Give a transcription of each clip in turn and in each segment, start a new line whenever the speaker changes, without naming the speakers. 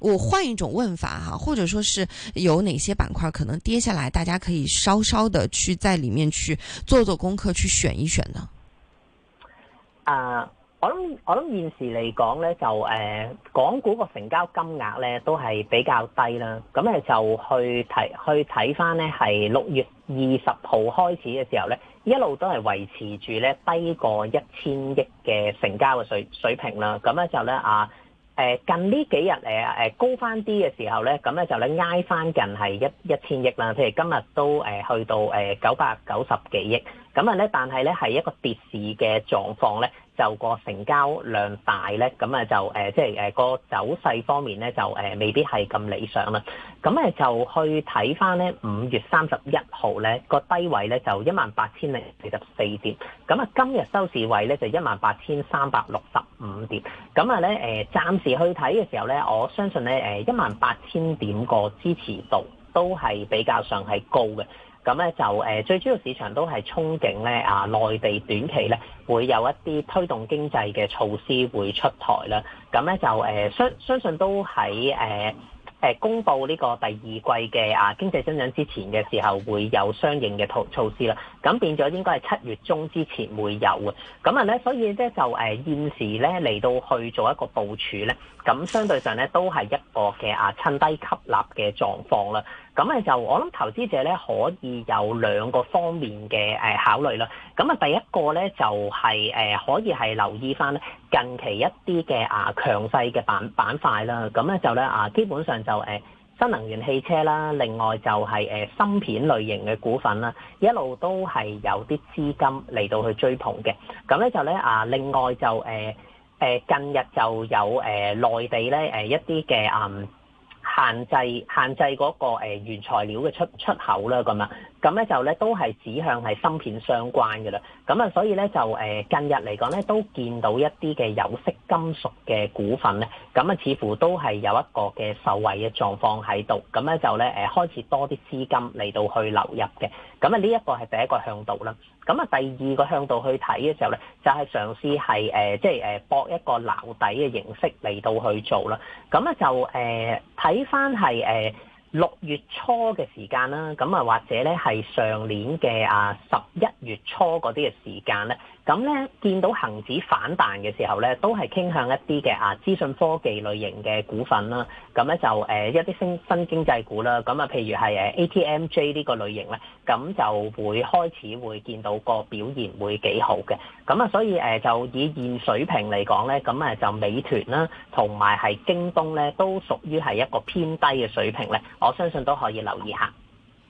我換一種問法哈，或者說是有哪些板塊可能跌下來，大家可以稍稍的去在裏面去做做功課，去選一選呢。
啊，我諗我諗現時嚟講呢就誒、呃，港股個成交金額呢都係比較低啦。咁咧就去睇去睇翻呢，係六月二十號開始嘅時候呢一路都係維持住呢低過一千億嘅成交嘅水水平啦。咁咧就咧啊。誒近呢幾日誒誒高翻啲嘅時候咧，咁咧就咧挨翻近係一一千億啦。譬如今日都誒去到誒九百九十幾億，咁啊咧，但係咧係一個跌市嘅狀況咧，就個成交量大咧，咁啊就即係個走勢方面咧，就、呃、未必係咁理想啦。咁啊就去睇翻咧，五月三十一號咧個低位咧就一萬八千零四十四點，咁啊今日收市位咧就一萬八千三百六十五點，咁啊咧暫時去睇嘅時候咧，我相信咧誒一萬八千點個支持度都係比較上係高嘅。咁咧就誒，最主要市場都係憧憬咧啊，內地短期咧會有一啲推動經濟嘅措施會出台啦。咁咧就誒，相相信都喺誒誒公佈呢個第二季嘅啊經濟增長之前嘅時候，會有相應嘅措措施啦。咁變咗應該係七月中之前會有嘅。咁啊咧，所以咧就誒現時咧嚟到去做一個部署咧，咁相對上咧都係一個嘅啊趁低吸納嘅狀況啦。咁咧就我諗投資者咧可以有兩個方面嘅誒考慮啦。咁啊第一個咧就係誒可以係留意返咧近期一啲嘅啊強勢嘅板板塊啦。咁咧就咧啊基本上就誒新能源汽車啦，另外就係誒芯片類型嘅股份啦，一路都係有啲資金嚟到去追捧嘅。咁咧就咧啊另外就誒誒近日就有誒內地咧誒一啲嘅嗯。限制限制嗰個原材料嘅出出口啦，咁啊，咁咧就咧都係指向係芯片相關嘅啦，咁啊，所以咧就誒近日嚟講咧都見到一啲嘅有色金屬嘅股份咧，咁啊似乎都係有一個嘅受惠嘅狀況喺度，咁咧就咧誒開始多啲資金嚟到去流入嘅，咁啊呢一個係第一個向導啦。咁啊，第二個向度去睇嘅時候咧，就係、是、嘗試係誒，即係誒搏一個撈底嘅形式嚟到去做啦。咁啊，就誒睇翻係誒。六月初嘅時間啦，咁啊或者咧係上年嘅啊十一月初嗰啲嘅時間咧，咁咧見到恒指反彈嘅時候咧，都係傾向一啲嘅啊資訊科技類型嘅股份啦，咁咧就誒一啲新新經濟股啦，咁啊譬如係 ATMJ 呢個類型咧，咁就會開始會見到個表現會幾好嘅，咁啊所以誒就以現水平嚟講咧，咁啊就美團啦同埋係京東咧都屬於係一個偏低嘅水平咧。我相信都可以留意下。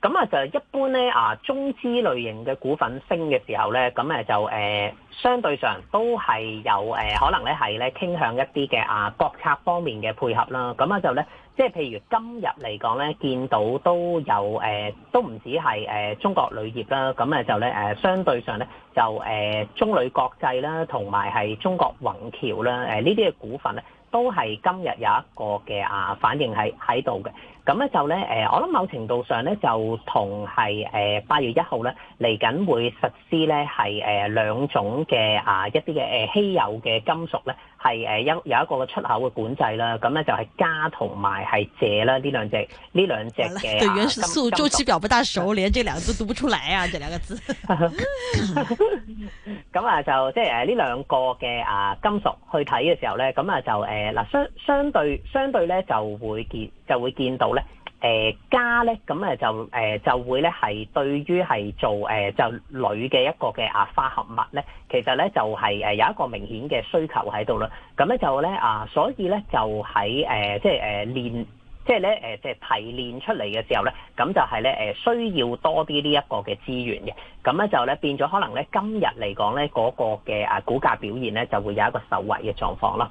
咁啊就一般咧，啊中資類型嘅股份升嘅時候咧，咁誒就誒、欸、相對上都係有誒可能咧係咧傾向一啲嘅啊國策方面嘅配合啦。咁啊就咧，即係譬如今日嚟講咧，見到都有誒、欸，都唔止係中國鋁業啦。咁啊，就咧誒相對上咧就誒、欸、中鋁國際啦，同埋係中國宏橋啦。誒呢啲嘅股份咧，都係今日有一個嘅啊反應喺喺度嘅。咁咧就咧，誒，我諗某程度上咧就同係誒八月一號咧嚟緊會實施咧係誒兩種嘅啊一啲嘅誒稀有嘅金屬咧。係誒一有一個嘅出口嘅管制啦，咁咧就係加同埋係借啦，呢兩隻呢兩隻嘅。對元素周期
表不大熟，連，這兩個字讀唔出嚟啊！這兩個字。
咁啊，就即係誒呢兩個嘅啊金屬去睇嘅時候咧，咁啊就誒嗱相相對相對咧就會見就會見到咧。誒加咧，咁就誒就會咧係對於係做誒就鋁嘅一個嘅啊化合物咧，其實咧就係有一個明顯嘅需求喺度啦。咁咧就咧啊，所以咧就喺誒即係誒練即係咧即係提煉出嚟嘅時候咧，咁就係咧需要多啲呢一個嘅資源嘅。咁咧就咧變咗可能咧今日嚟講咧嗰個嘅啊股價表現咧就會有一個受惠嘅狀況啦。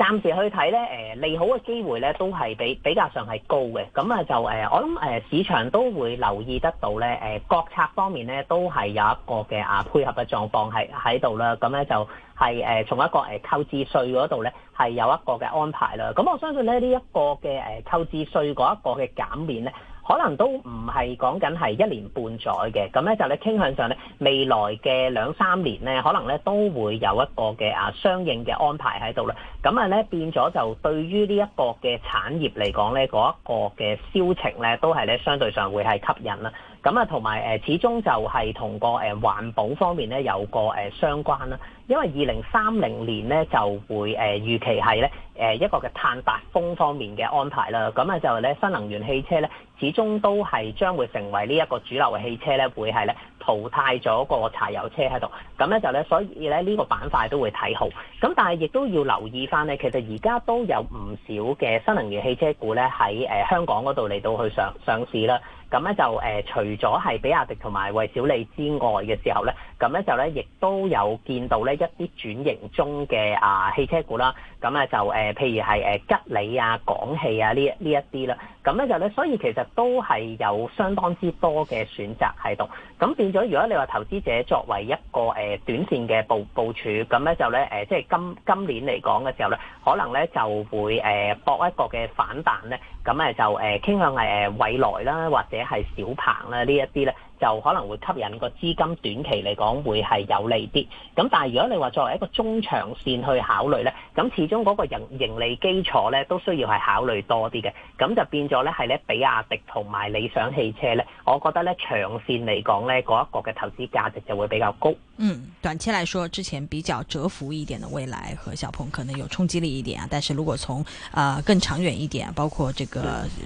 暫時去睇咧，誒利好嘅機會咧都係比比較上係高嘅，咁啊就誒我諗誒市場都會留意得到咧，誒國策方面咧都係有一個嘅啊配合嘅狀況係喺度啦，咁咧就係誒從一個誒購置稅嗰度咧係有一個嘅安排啦，咁我相信咧呢一個嘅誒購置稅嗰一個嘅減免咧。可能都唔係講緊係一年半載嘅，咁咧就你傾向上咧，未來嘅兩三年咧，可能咧都會有一個嘅啊相應嘅安排喺度啦。咁啊咧變咗就對於呢一個嘅產業嚟講咧，嗰一個嘅銷情咧都係咧相對上會係吸引啦。咁啊同埋誒，始終就係同個誒環保方面咧有個誒相關啦。因為二零三零年咧就會誒預期係咧誒一個嘅碳達峰方面嘅安排啦，咁咧就咧新能源汽車咧始終都係將會成為呢一個主流嘅汽車咧，會係咧淘汰咗個柴油車喺度，咁咧就咧所以咧呢個板塊都會睇好，咁但係亦都要留意翻咧，其實而家都有唔少嘅新能源汽車股咧喺誒香港嗰度嚟到去上上市啦，咁咧就誒除咗係比亞迪同埋蔚小理之外嘅時候咧，咁咧就咧亦都有見到咧。一啲轉型中嘅啊，汽車股啦。咁咧就誒，譬如係誒吉利啊、廣汽啊呢呢一啲啦，咁咧就咧，所以其實都係有相當之多嘅選擇喺度。咁變咗，如果你話投資者作為一個誒短線嘅部部署，咁咧就咧誒，即係今今年嚟講嘅時候咧，可能咧就會誒搏一個嘅反彈咧，咁誒就誒傾向係誒蔚來啦，或者係小鵬啦呢一啲咧，就可能會吸引個資金短期嚟講會係有利啲。咁但係如果你話作為一個中長線去考慮咧，咁似。其中嗰個盈利基礎咧，都需要係考慮多啲嘅，咁就變咗咧係咧，比亞迪同埋理想汽車咧，我覺得咧長線嚟講咧，嗰一個嘅投資價值就會比較高。
嗯，短期來說，之前比較蟄伏一點的蔚來和小鵬可能有衝擊力一點啊，但是如果從啊、呃、更長遠一點、啊，包括這個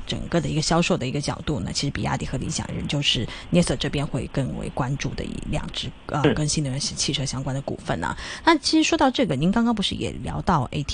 整個的一個銷售的一個角度呢，呢其實比亞迪和理想人就是 n i s a n 這邊會更為關注的一兩支啊，跟新能源汽汽車相關的股份啊。那、嗯、其實說到這個，您剛剛不是也聊到、AT?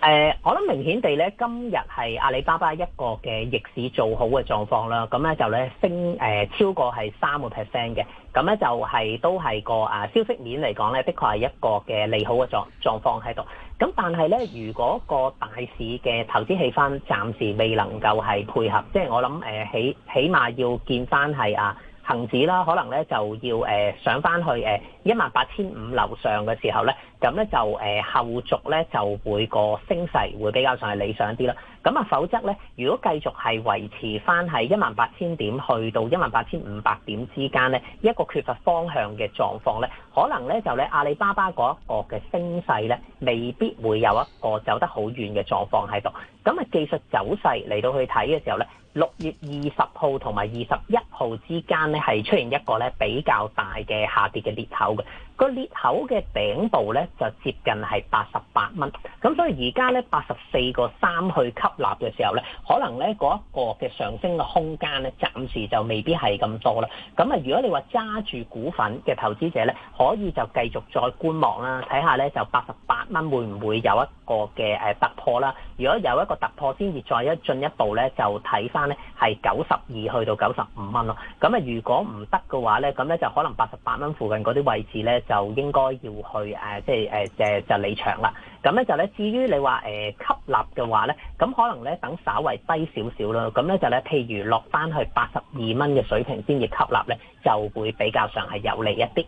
呃、我諗明顯地咧，今日係阿里巴巴一個嘅逆市做好嘅狀況啦。咁咧就咧升、呃、超過係三個 percent 嘅。咁咧就係都係個啊消息面嚟講咧，的確係一個嘅利好嘅狀，狀況喺度。咁但係咧，如果個大市嘅投資氣氛暫時未能夠係配合，即係我諗、呃、起起碼要見翻係啊恆指啦，可能咧就要、呃、上翻去、呃一萬八千五樓上嘅時候咧，咁咧就、呃、後續咧就會、個升勢會比較上係理想啲啦。咁啊，否則咧，如果繼續係維持返喺一萬八千點去到一萬八千五百點之間咧，一個缺乏方向嘅狀況咧，可能咧就咧阿里巴巴嗰一個嘅升勢咧，未必會有一個走得好遠嘅狀況喺度。咁啊，技術走勢嚟到去睇嘅時候咧，六月二十號同埋二十一號之間咧係出現一個咧比較大，係嘅下跌嘅裂口嘅。個裂口嘅頂部咧就接近係八十八蚊，咁所以而家咧八十四個三去吸納嘅時候咧，可能咧嗰一個嘅上升嘅空間咧，暫時就未必係咁多啦。咁啊，如果你話揸住股份嘅投資者咧，可以就繼續再觀望啦，啊，睇下咧就八十八蚊會唔會有一個嘅誒突破啦。如果有一個突破，先至再一進一步咧，就睇翻咧係九十二去到九十五蚊咯。咁啊，如果唔得嘅話咧，咁咧就可能八十八蚊附近嗰啲位置咧。就應該要去誒、呃，即係誒，即係就離場啦。咁咧就咧，至於你、呃、話誒吸納嘅話咧，咁可能咧等稍為低少少咯。咁咧就咧，譬如落翻去八十二蚊嘅水平先至吸納咧，就會比較上係有利一啲。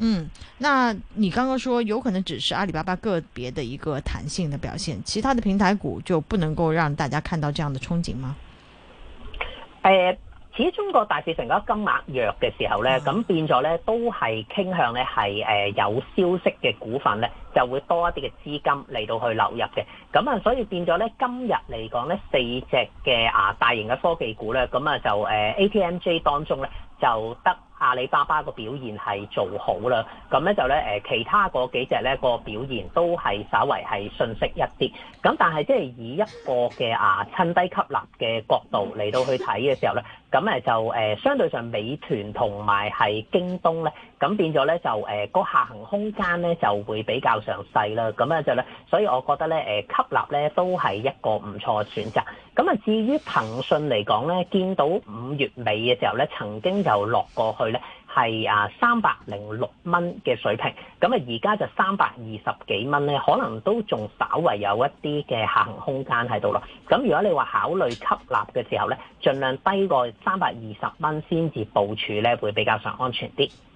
嗯，
那你剛剛說有可能只是阿里巴巴個別的一個彈性的表現，其他的平台股就不能夠讓大家看到這樣的憧憬嗎？誒、嗯。
始終個大市成交金額弱嘅時候咧，咁變咗咧都係傾向咧係誒有消息嘅股份咧就會多一啲嘅資金嚟到去流入嘅，咁啊所以變咗咧今日嚟講咧四隻嘅啊大型嘅科技股咧，咁啊就誒 ATMJ 當中咧就得。阿里巴巴嘅表現係做好啦，咁咧就咧其他嗰幾隻咧個表現都係稍為係遜色一啲，咁但係即係以一個嘅啊趁低吸納嘅角度嚟到去睇嘅時候咧，咁誒就、啊、相對上美團同埋係京東咧，咁變咗咧就誒個、啊、下行空間咧就會比較上細啦，咁樣就咧，所以我覺得咧吸納咧都係一個唔錯嘅選擇。咁啊，至於騰訊嚟講咧，見到五月尾嘅時候咧，曾經就落過去咧，係啊三百零六蚊嘅水平。咁啊，而家就三百二十幾蚊咧，可能都仲稍為有一啲嘅下行空間喺度咯。咁如果你話考慮吸納嘅時候咧，盡量低過三百二十蚊先至部署咧，會比較上安全啲。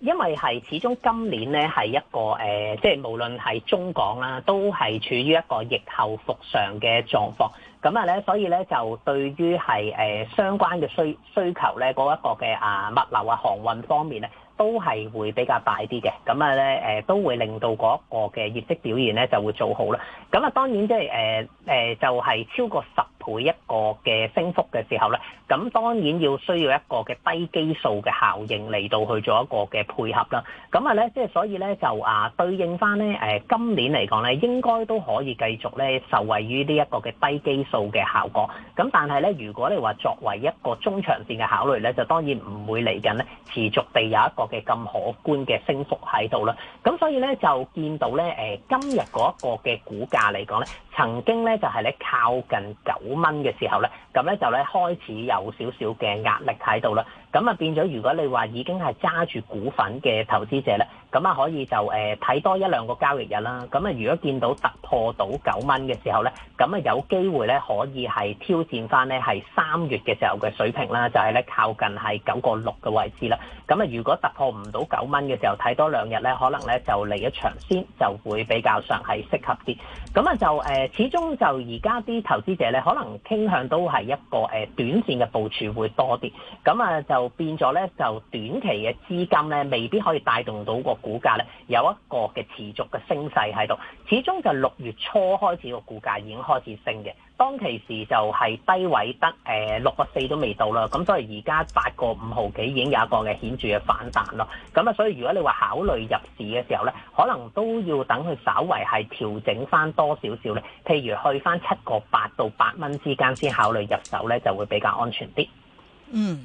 因為係始終今年咧係一個誒，即係無論係中港啦，都係處於一個疫後復常嘅狀況。咁啊咧，所以咧就對於係誒相關嘅需需求咧嗰一個嘅啊物流啊航運方面咧，都係會比較大啲嘅。咁啊咧誒都會令到嗰一個嘅業績表現咧就會做好啦。咁啊當然即係誒誒就係、係呃就係、超過十。每一個嘅升幅嘅時候咧，咁當然要需要一個嘅低基數嘅效應嚟到去做一個嘅配合啦。咁啊咧，即係所以咧就啊對應翻咧誒今年嚟講咧，應該都可以繼續咧受惠於呢一個嘅低基數嘅效果。咁但係咧，如果你話作為一個中長線嘅考慮咧，就當然唔會嚟緊咧持續地有一個嘅咁可觀嘅升幅喺度啦。咁所以咧就見到咧誒今日嗰一個嘅股價嚟講咧，曾經咧就係咧靠近九蚊嘅時候咧，咁咧就咧開始有少少嘅壓力喺度啦。咁啊變咗，如果你話已經係揸住股份嘅投資者咧，咁啊可以就誒睇、呃、多一兩個交易日啦。咁啊，如果見到突破到九蚊嘅時候咧，咁啊有機會咧可以係挑戰翻咧係三月嘅時候嘅水平啦，就係、是、咧靠近係九個六嘅位置啦。咁啊，如果突破唔到九蚊嘅時候，睇多兩日咧，可能咧就嚟一場先就會比較上係適合啲。咁啊就誒、呃、始終就而家啲投資者咧，可能傾向都係一個誒短線嘅部署會多啲。咁啊就。就變咗咧，就短期嘅資金咧，未必可以帶動到個股價咧，有一個嘅持續嘅升勢喺度。始終就六月初開始個股價已經開始升嘅，當其時就係低位得誒六個四都未到啦。咁所以而家八個五毫幾已經有一個嘅顯著嘅反彈咯。咁啊，所以如果你話考慮入市嘅時候咧，可能都要等佢稍為係調整翻多少少咧，譬如去翻七個八到八蚊之間先考慮入手咧，就會比較安全啲。嗯。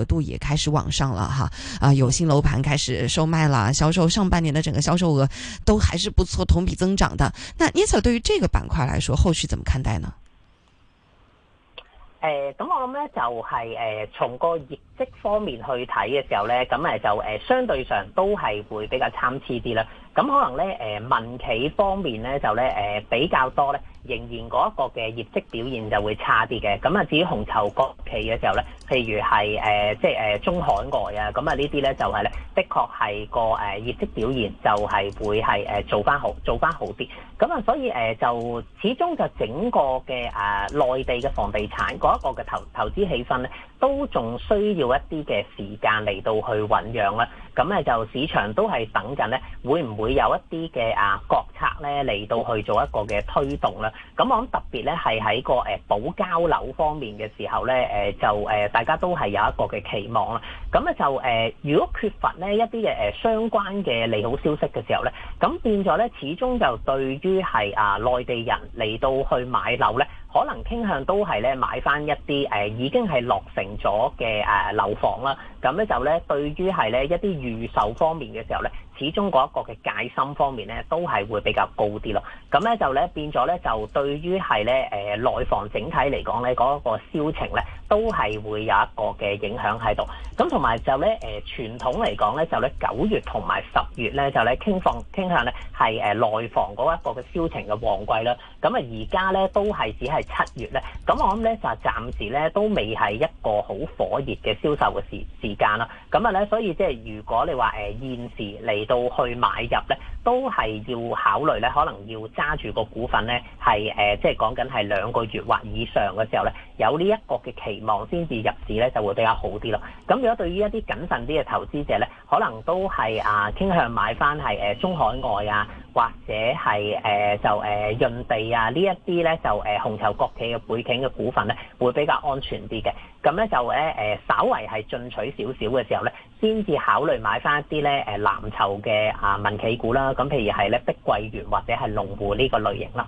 度也開始往上了哈啊，有新樓盤開始售賣了，銷售上半年的整個銷售額都還是不錯，同比增長的。那聶 Sir 對於這個板塊來說，後續怎麼看待呢？誒、
呃，咁我諗咧就係、是、誒、呃，從個業績方面去睇嘅時候咧，咁誒就誒、呃、相對上都係會比較參差啲啦。咁可能咧，誒民企方面咧就咧誒比較多咧，仍然嗰一個嘅業績表現就會差啲嘅。咁啊，至於紅籌國企嘅時候咧，譬如係誒即係誒中海外啊，咁啊呢啲咧就係咧，的確係個誒業績表現就係會係誒做翻好做翻好啲。咁啊，所以誒就始終就整個嘅誒內地嘅房地產嗰一個嘅投投資氣氛咧，都仲需要一啲嘅時間嚟到去醖釀啦。咁咧就市場都係等緊咧，會唔會？會有一啲嘅啊國策咧嚟到去做一個嘅推動啦，咁我諗特別咧係喺個誒、啊、保交樓方面嘅時候咧，誒、啊、就誒、啊、大家都係有一個嘅期望啦，咁咧就誒、啊、如果缺乏咧一啲嘅誒相關嘅利好消息嘅時候咧，咁變咗咧始終就對於係啊內地人嚟到去買樓咧。可能傾向都係咧買返一啲誒已經係落成咗嘅誒樓房啦，咁咧就咧對於係咧一啲預售方面嘅時候咧，始終嗰一個嘅戒心方面咧都係會比較高啲咯。咁咧就咧變咗咧就對於係咧誒內房整體嚟講咧嗰一個銷情咧都係會有一個嘅影響喺度。咁同埋就咧誒傳統嚟講咧就咧九月同埋十月咧就咧傾放傾向咧係誒內房嗰一個嘅銷情嘅旺季啦。咁啊而家咧都係只係七月咧，咁我諗咧就暫時咧都未係一個好火熱嘅銷售嘅時時間啦。咁啊咧，所以即係如果你話誒、呃、現時嚟到去買入咧，都係要考慮咧，可能要揸住個股份咧係誒，即係講緊係兩個月或以上嘅時候咧，有呢一個嘅期望先至入市咧，就會比較好啲咯。咁如果對於一啲謹慎啲嘅投資者咧，可能都係啊傾向買翻係誒中海外啊。或者係誒、呃、就誒、呃、潤地啊這一些呢一啲咧就誒、呃、紅籌國企嘅背景嘅股份咧會比較安全啲嘅。咁咧就咧誒、呃、稍為係進取少少嘅時候咧，先至考慮買翻一啲咧誒藍籌嘅啊民企股啦，咁譬如係咧碧桂園或者係龍湖呢個類型啦。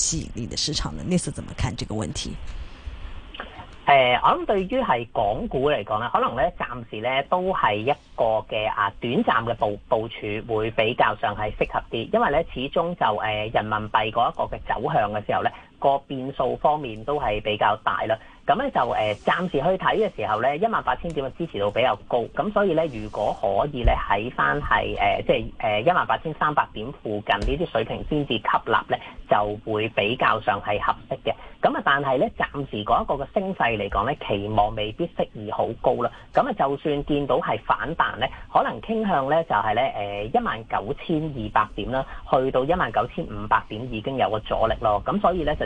吸引力的市場呢？你是怎麼看這個問題？
誒、呃，我諗對於係港股嚟講咧，可能咧暫時咧都係一個嘅啊短暫嘅部，部署會比較上係適合啲，因為咧始終就誒、呃、人民幣嗰一個嘅走向嘅時候咧。個變數方面都係比較大啦，咁咧就誒暫時去睇嘅時候咧，一萬八千點嘅支持度比較高，咁所以咧如果可以咧喺返係誒即係誒一萬八千三百點附近呢啲水平先至吸納咧，就會比較上係合適嘅。咁啊，但係咧暫時嗰一個嘅升勢嚟講咧，期望未必適宜好高啦。咁啊，就算見到係反彈咧，可能傾向咧就係咧誒一萬九千二百點啦，去到一萬九千五百點已經有個阻力咯。咁所以咧就。